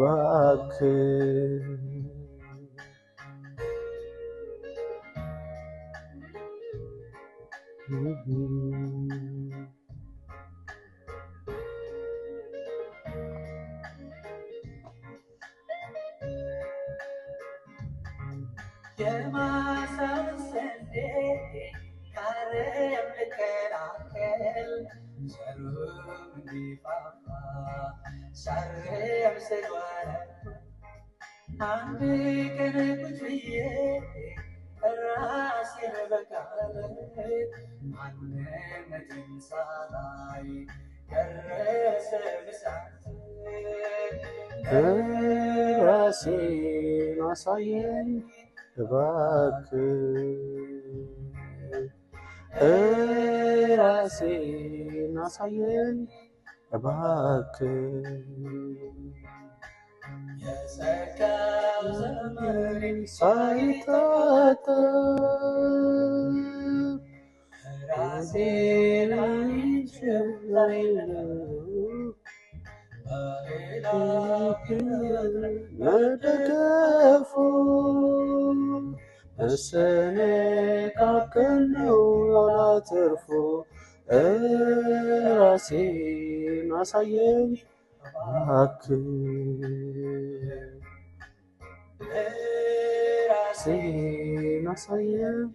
রাখে Que más ascendente, carem que la que Papa, Jerusalén. አንድ ቀን ቁጭዬ ራሴን በቃል ማንነትን ራሴን አሳየኝ እባክህ ራሴን አሳየኝ እባክህ የጸጋው ዘመን ሳይታጠብ ከራሴ ላይ መደገፉ መሰነቃቀል ነው አላተርፎ ራሴን አሳየኝ hakim Sina sayın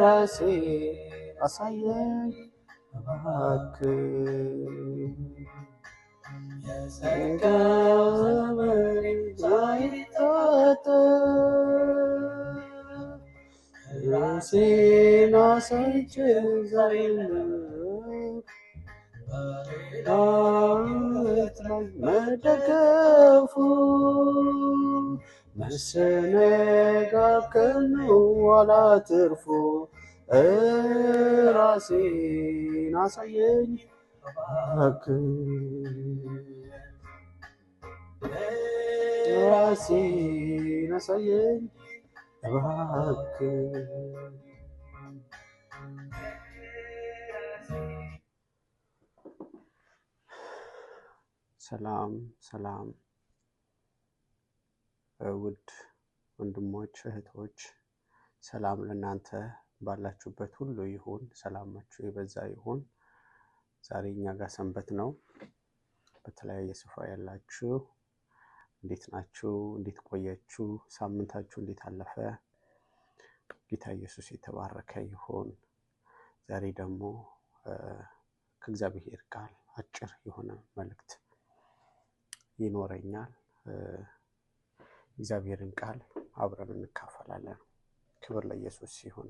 ራሴ አሳየኝ እባክህ የሰጋው ራሴን አሳይቼ ዛይመኝ መደገፉ መሰነጋገል ዋላ ትርፉ ራሴን አሳየኝ ራሴን አሳየኝ እባክህ ሰላም ሰላም ውድ ወንድሞች እህቶች፣ ሰላም ለእናንተ ባላችሁበት ሁሉ ይሁን። ሰላማችሁ የበዛ ይሁን። ዛሬ እኛ ጋር ሰንበት ነው። በተለያየ ስፍራ ያላችሁ እንዴት ናችሁ? እንዴት ቆያችሁ? ሳምንታችሁ እንዴት አለፈ? ጌታ ኢየሱስ የተባረከ ይሁን። ዛሬ ደግሞ ከእግዚአብሔር ቃል አጭር የሆነ መልእክት ይኖረኛል። እግዚአብሔርን ቃል አብረን እንካፈላለን። ክብር ለኢየሱስ ሲሆን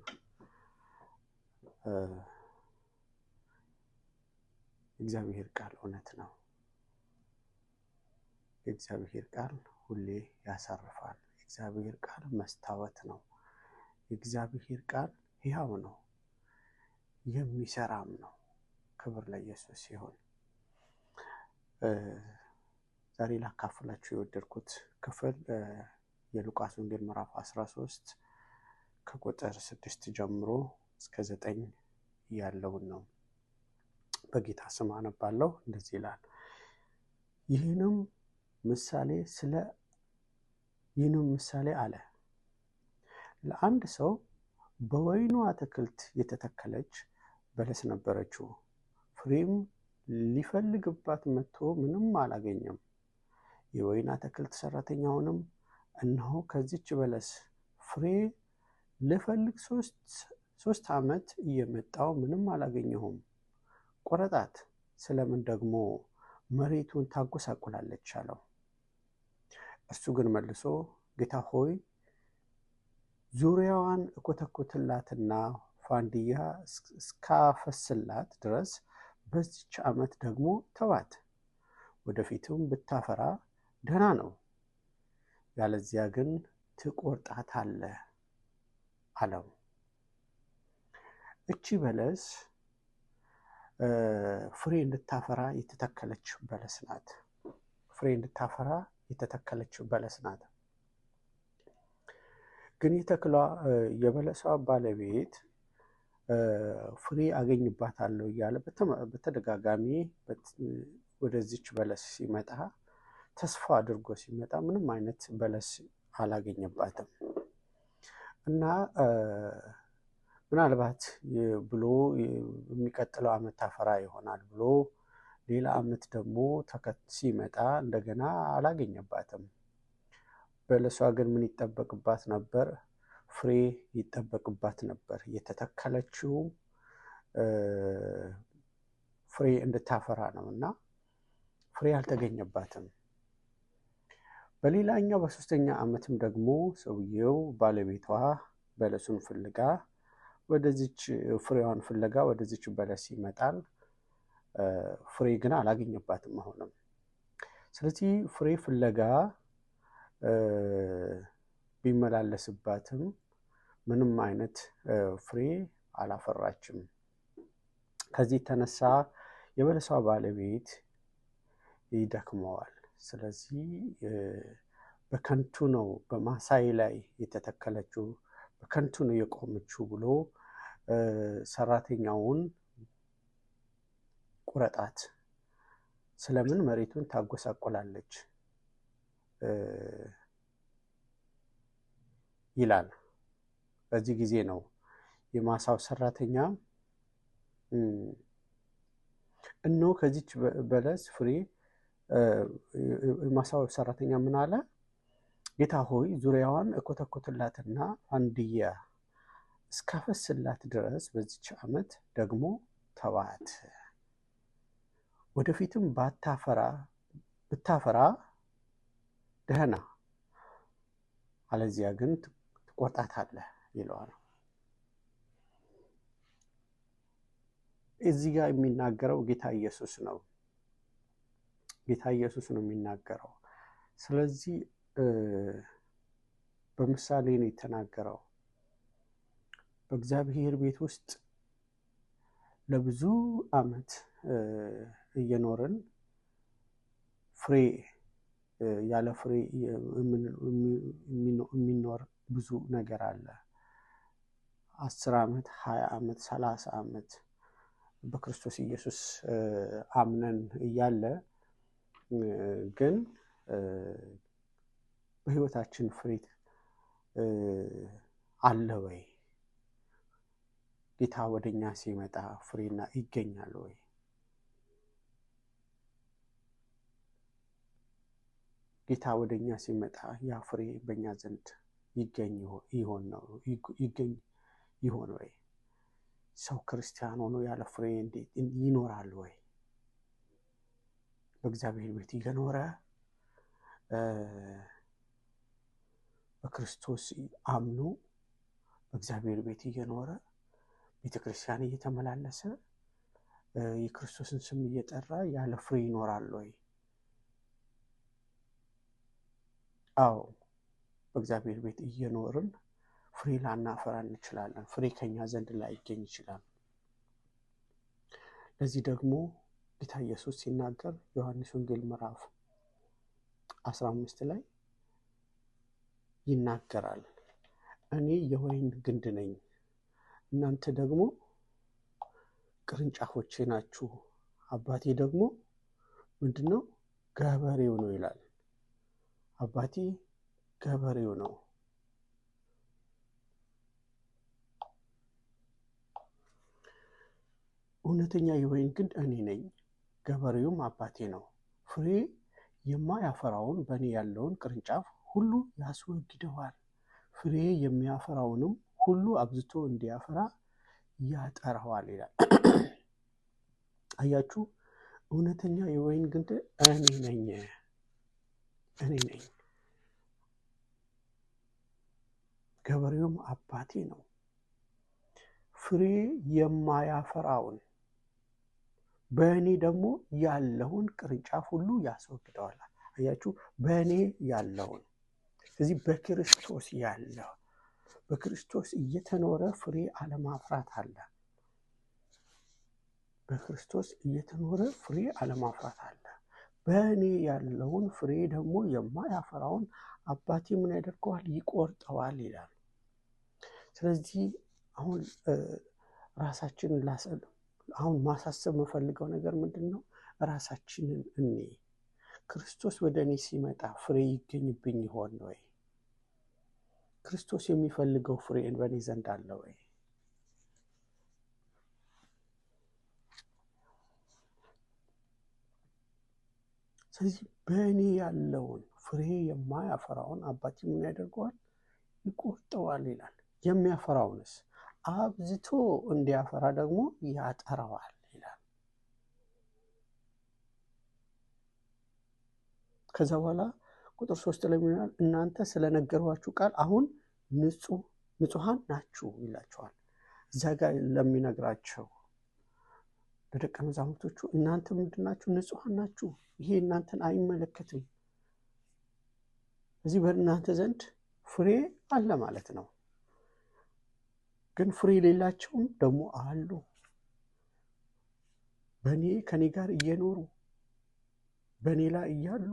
እግዚአብሔር ቃል እውነት ነው። የእግዚአብሔር ቃል ሁሌ ያሳርፋል። የእግዚአብሔር ቃል መስታወት ነው። የእግዚአብሔር ቃል ሕያው ነው፣ የሚሰራም ነው። ክብር ለኢየሱስ ሲሆን ዛሬ ላካፍላችሁ የወደድኩት ክፍል የሉቃስ ወንጌል ምዕራፍ 13 ከቁጥር ስድስት ጀምሮ እስከ ዘጠኝ ያለውን ነው። በጌታ ስም አነባለሁ። እንደዚህ ይላል። ይህንም ምሳሌ ስለ ይህንም ምሳሌ አለ ለአንድ ሰው በወይኑ አትክልት የተተከለች በለስ ነበረችው። ፍሬም ሊፈልግባት መጥቶ ምንም አላገኘም። የወይን አትክልት ሰራተኛውንም እነሆ ከዚች በለስ ፍሬ ልፈልግ ሶስት ዓመት እየመጣው ምንም አላገኘሁም፣ ቆረጣት፣ ስለምን ደግሞ መሬቱን ታጎሳቁላለች አለው። እሱ ግን መልሶ ጌታ ሆይ ዙሪያዋን እኮተኮትላትና ፋንድያ እስካፈስላት ድረስ በዚች ዓመት ደግሞ ተዋት፣ ወደፊትም ብታፈራ ደህና ነው፣ ያለዚያ ግን ትቆርጣታለህ አለው። እቺ በለስ ፍሬ እንድታፈራ የተተከለች በለስ ናት። ፍሬ እንድታፈራ የተተከለች በለስ ናት። ግን የተክሏ የበለሷ ባለቤት ፍሬ አገኝባታለሁ እያለ በተደጋጋሚ ወደዚች በለስ ሲመጣ ተስፋ አድርጎ ሲመጣ ምንም አይነት በለስ አላገኘባትም እና ምናልባት ብሎ የሚቀጥለው ዓመት ታፈራ ይሆናል ብሎ ሌላ ዓመት ደግሞ ተከት ሲመጣ እንደገና አላገኘባትም። በለሷ ግን ምን ይጠበቅባት ነበር? ፍሬ ይጠበቅባት ነበር። የተተከለችው ፍሬ እንድታፈራ ነው እና ፍሬ አልተገኘባትም። በሌላኛው በሶስተኛ ዓመትም ደግሞ ሰውየው ባለቤቷ በለሱን ፍልጋ ወደዚች ፍሬዋን ፍለጋ ወደዚች በለስ ይመጣል። ፍሬ ግን አላገኘባትም አሁንም። ስለዚህ ፍሬ ፍለጋ ቢመላለስባትም ምንም አይነት ፍሬ አላፈራችም። ከዚህ የተነሳ የበለሷ ባለቤት ይደክመዋል። ስለዚህ በከንቱ ነው በማሳይ ላይ የተተከለችው በከንቱ ነው የቆመችው ብሎ ሰራተኛውን ቁረጣት፣ ስለምን መሬቱን ታጎሳቆላለች ይላል። በዚህ ጊዜ ነው የማሳው ሰራተኛ እነሆ ከዚች በለስ ፍሬ ማሳወቅ ሰራተኛ ምን አለ? ጌታ ሆይ ዙሪያዋን እኮተኮትላትና ፋንድያ እስካፈስላት ድረስ በዚች ዓመት ደግሞ ተባት ወደፊትም ባታፈራ ብታፈራ ደህና፣ አለዚያ ግን ትቆርጣታለህ ይለዋል። እዚህ ጋር የሚናገረው ጌታ ኢየሱስ ነው። ጌታ ኢየሱስ ነው የሚናገረው። ስለዚህ በምሳሌ ነው የተናገረው። በእግዚአብሔር ቤት ውስጥ ለብዙ ዓመት እየኖርን ፍሬ ያለ ፍሬ የሚኖር ብዙ ነገር አለ። አስር ዓመት ሀያ ዓመት ሰላሳ ዓመት በክርስቶስ ኢየሱስ አምነን እያለ ግን በህይወታችን ፍሬት አለ ወይ? ጌታ ወደኛ ሲመጣ ፍሬና ይገኛል ወይ? ጌታ ወደኛ ሲመጣ ያ ፍሬ በእኛ ዘንድ ይገኝ ይሆን ነው ይገኝ ይሆን ወይ? ሰው ክርስቲያን ሆኖ ያለ ፍሬ እንዴት ይኖራል ወይ? በእግዚአብሔር ቤት እየኖረ በክርስቶስ አምኖ በእግዚአብሔር ቤት እየኖረ ቤተ ክርስቲያን እየተመላለሰ የክርስቶስን ስም እየጠራ ያለ ፍሬ ይኖራል ወይ? አዎ፣ በእግዚአብሔር ቤት እየኖርን ፍሬ ላናፈራ እንችላለን። ፍሬ ከኛ ዘንድ ላይገኝ ይችላል። ለዚህ ደግሞ ጌታ ኢየሱስ ሲናገር ዮሐንስ ወንጌል ምዕራፍ 15 ላይ ይናገራል። እኔ የወይን ግንድ ነኝ፣ እናንተ ደግሞ ቅርንጫፎቼ ናችሁ። አባቴ ደግሞ ምንድነው ገበሬው ነው ይላል። አባቴ ገበሬው ነው። እውነተኛ የወይን ግንድ እኔ ነኝ። ገበሬውም አባቴ ነው። ፍሬ የማያፈራውን በእኔ ያለውን ቅርንጫፍ ሁሉ ያስወግደዋል፣ ፍሬ የሚያፈራውንም ሁሉ አብዝቶ እንዲያፈራ ያጠራዋል ይላል። አያችሁ፣ እውነተኛ የወይን ግንድ እኔ ነኝ እኔ ነኝ። ገበሬውም አባቴ ነው። ፍሬ የማያፈራውን በእኔ ደግሞ ያለውን ቅርንጫፍ ሁሉ ያስወግደዋል። አያችሁ፣ በእኔ ያለውን እዚህ በክርስቶስ ያለው በክርስቶስ እየተኖረ ፍሬ አለማፍራት አለ። በክርስቶስ እየተኖረ ፍሬ አለማፍራት አለ። በእኔ ያለውን ፍሬ ደግሞ የማያፈራውን አባቴ ምን ያደርገዋል? ይቆርጠዋል ይላል። ስለዚህ አሁን ራሳችንን ላሰብ አሁን ማሳሰብ የምፈልገው ነገር ምንድን ነው? ራሳችንን እኔ ክርስቶስ ወደ እኔ ሲመጣ ፍሬ ይገኝብኝ ይሆን ወይ? ክርስቶስ የሚፈልገው ፍሬ በእኔ ዘንድ አለ ወይ? ስለዚህ በእኔ ያለውን ፍሬ የማያፈራውን አባቴ ምን ያደርገዋል? ይቆርጠዋል ይላል። የሚያፈራውንስ አብዝቶ እንዲያፈራ ደግሞ ያጠረዋል ይላል። ከዛ በኋላ ቁጥር ሶስት ለሚሆናል እናንተ ስለነገሯችሁ ቃል አሁን ንጹሐን ናችሁ ይላቸዋል። እዚያ ጋር ለሚነግራቸው ለደቀ መዛሙርቶቹ እናንተ ምንድን ናችሁ? ንጹሐን ናችሁ። ይሄ እናንተን አይመለከትም። እዚህ በእናንተ ዘንድ ፍሬ አለ ማለት ነው። ግን ፍሬ የሌላቸውም ደግሞ አሉ። በእኔ ከኔ ጋር እየኖሩ በእኔ ላይ እያሉ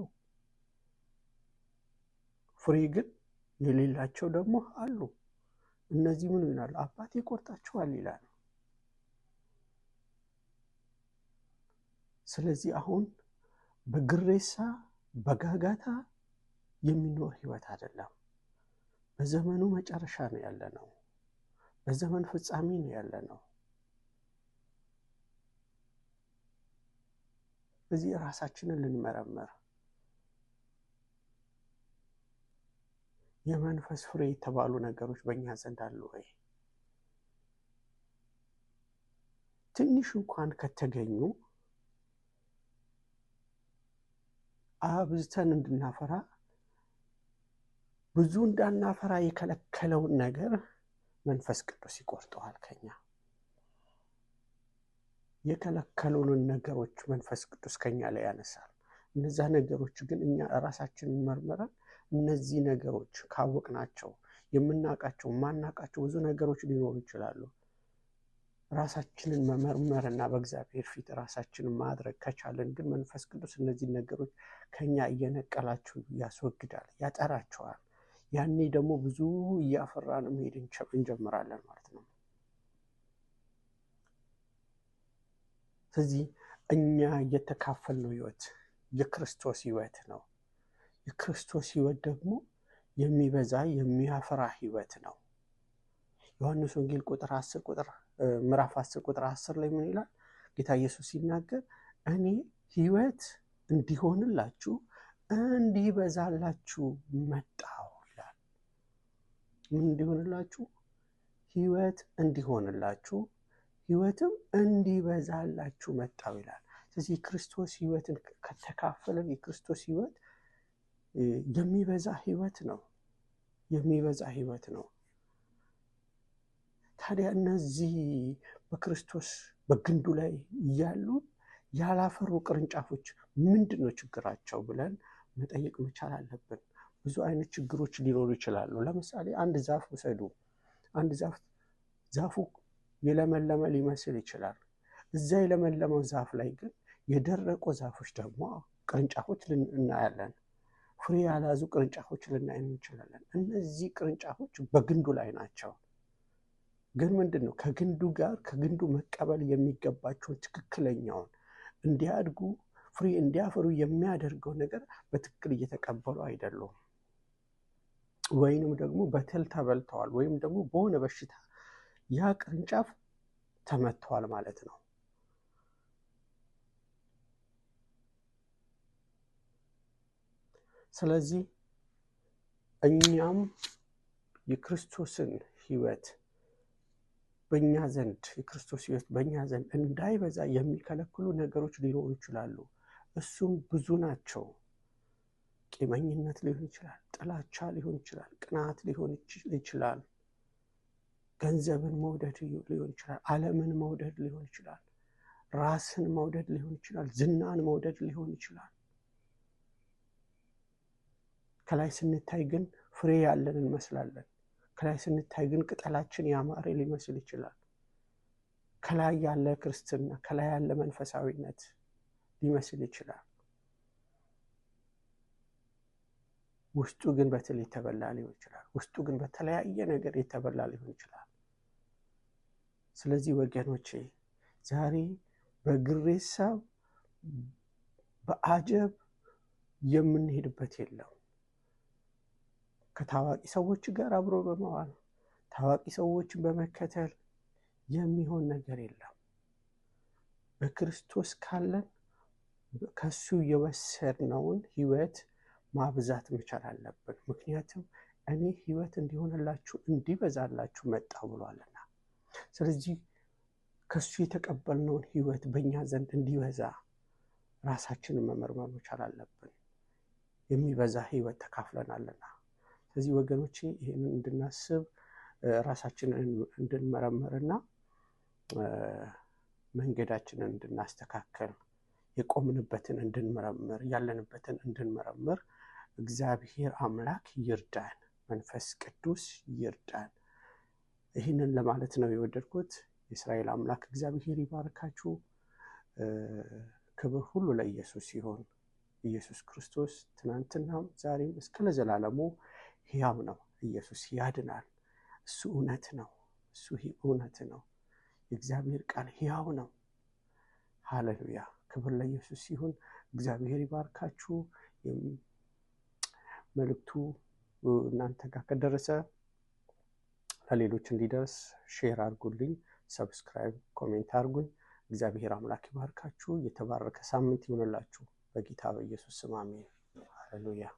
ፍሬ ግን የሌላቸው ደግሞ አሉ። እነዚህ ምን ይሆናሉ? አባቴ ይቆርጣቸዋል ይላል። ስለዚህ አሁን በግሬሳ በጋጋታ የሚኖር ህይወት አይደለም። በዘመኑ መጨረሻ ነው ያለ ነው። በዘመን ፍጻሜ ነው ያለ ነው። እዚህ ራሳችንን ልንመረምር የመንፈስ ፍሬ የተባሉ ነገሮች በእኛ ዘንድ አሉ ወይ? ትንሽ እንኳን ከተገኙ አብዝተን እንድናፈራ ብዙ እንዳናፈራ የከለከለውን ነገር መንፈስ ቅዱስ ይቆርጠዋል ከኛ የከለከሉንን ነገሮች መንፈስ ቅዱስ ከኛ ላይ ያነሳል። እነዛ ነገሮች ግን እኛ ራሳችንን መርምረን እነዚህ ነገሮች ካወቅናቸው የምናውቃቸው ማናቃቸው ብዙ ነገሮች ሊኖሩ ይችላሉ። ራሳችንን መመርመርና በእግዚአብሔር ፊት ራሳችንን ማድረግ ከቻለን ግን መንፈስ ቅዱስ እነዚህ ነገሮች ከኛ እየነቀላቸው ያስወግዳል፣ ያጠራቸዋል። ያኔ ደግሞ ብዙ እያፈራን መሄድ እንጀምራለን ማለት ነው። ስለዚህ እኛ ነው ህይወት የክርስቶስ ህይወት ነው። የክርስቶስ ህይወት ደግሞ የሚበዛ የሚያፈራ ህይወት ነው። ዮሐንስ ወንጌል ቁጥር አስር ቁጥር ምዕራፍ አስር ቁጥር አስር ላይ ምን ይላል? ጌታ ኢየሱስ ሲናገር እኔ ህይወት እንዲሆንላችሁ እንዲበዛላችሁ መጣ ምን እንዲሆንላችሁ ህይወት እንዲሆንላችሁ ህይወትም እንዲበዛላችሁ መጣው ይላል። ስለዚህ የክርስቶስ ህይወትን ከተካፈለን የክርስቶስ ህይወት የሚበዛ ህይወት ነው፣ የሚበዛ ህይወት ነው። ታዲያ እነዚህ በክርስቶስ በግንዱ ላይ እያሉ ያላፈሩ ቅርንጫፎች ምንድን ነው ችግራቸው ብለን መጠየቅ መቻል አለብን። ብዙ አይነት ችግሮች ሊኖሩ ይችላሉ። ለምሳሌ አንድ ዛፍ ውሰዱ። አንድ ዛፍ ዛፉ የለመለመ ሊመስል ይችላል። እዛ የለመለመው ዛፍ ላይ ግን የደረቁ ዛፎች ደግሞ ቅርንጫፎች እናያለን። ፍሬ ያላዙ ቅርንጫፎች ልናይ እንችላለን። እነዚህ ቅርንጫፎች በግንዱ ላይ ናቸው። ግን ምንድን ነው ከግንዱ ጋር ከግንዱ መቀበል የሚገባቸውን ትክክለኛውን እንዲያድጉ ፍሬ እንዲያፈሩ የሚያደርገው ነገር በትክክል እየተቀበሉ አይደሉም። ወይንም ደግሞ በትል ተበልተዋል ወይም ደግሞ በሆነ በሽታ ያ ቅርንጫፍ ተመተዋል ማለት ነው። ስለዚህ እኛም የክርስቶስን ሕይወት በእኛ ዘንድ የክርስቶስ ሕይወት በእኛ ዘንድ እንዳይበዛ የሚከለክሉ ነገሮች ሊኖሩ ይችላሉ። እሱም ብዙ ናቸው። ቂመኝነት ሊሆን ይችላል፣ ጥላቻ ሊሆን ይችላል፣ ቅናት ሊሆን ይችላል፣ ገንዘብን መውደድ ሊሆን ይችላል፣ ዓለምን መውደድ ሊሆን ይችላል፣ ራስን መውደድ ሊሆን ይችላል፣ ዝናን መውደድ ሊሆን ይችላል። ከላይ ስንታይ ግን ፍሬ ያለን እንመስላለን። ከላይ ስንታይ ግን ቅጠላችን ያማረ ሊመስል ይችላል። ከላይ ያለ ክርስትና፣ ከላይ ያለ መንፈሳዊነት ሊመስል ይችላል። ውስጡ ግን በትል የተበላ ሊሆን ይችላል። ውስጡ ግን በተለያየ ነገር የተበላ ሊሆን ይችላል። ስለዚህ ወገኖቼ ዛሬ በግሬሳ በአጀብ የምንሄድበት የለው። ከታዋቂ ሰዎች ጋር አብሮ በመዋል ታዋቂ ሰዎችን በመከተል የሚሆን ነገር የለም። በክርስቶስ ካለን ከሱ የወሰድነውን ህይወት ማብዛት መቻል አለብን። ምክንያቱም እኔ ህይወት እንዲሆንላችሁ እንዲበዛላችሁ መጣ ብሏልና፣ ስለዚህ ከሱ የተቀበልነውን ህይወት በእኛ ዘንድ እንዲበዛ ራሳችንን መመርመር መቻል አለብን። የሚበዛ ህይወት ተካፍለናልና፣ ስለዚህ ወገኖቼ ይህንን እንድናስብ ራሳችንን እንድንመረምርና መንገዳችንን እንድናስተካከል የቆምንበትን እንድንመረምር ያለንበትን እንድንመረምር እግዚአብሔር አምላክ ይርዳን፣ መንፈስ ቅዱስ ይርዳን። ይህንን ለማለት ነው የወደድኩት። የእስራኤል አምላክ እግዚአብሔር ይባርካችሁ። ክብር ሁሉ ለኢየሱስ ይሆን። ኢየሱስ ክርስቶስ ትናንትናም ዛሬም እስከ ለዘላለሙ ሕያው ነው። ኢየሱስ ያድናል። እሱ እውነት ነው። እሱ እውነት ነው። የእግዚአብሔር ቃል ሕያው ነው። ሃሌሉያ! ክብር ለኢየሱስ ይሁን። እግዚአብሔር ይባርካችሁ። መልእክቱ እናንተ ጋር ከደረሰ ለሌሎች እንዲደርስ ሼር አድርጉልኝ፣ ሰብስክራይብ፣ ኮሜንት አድርጉኝ። እግዚአብሔር አምላክ ይባርካችሁ። የተባረከ ሳምንት ይሆንላችሁ። በጌታ በኢየሱስ ስም አሜን። ሃሌሉያ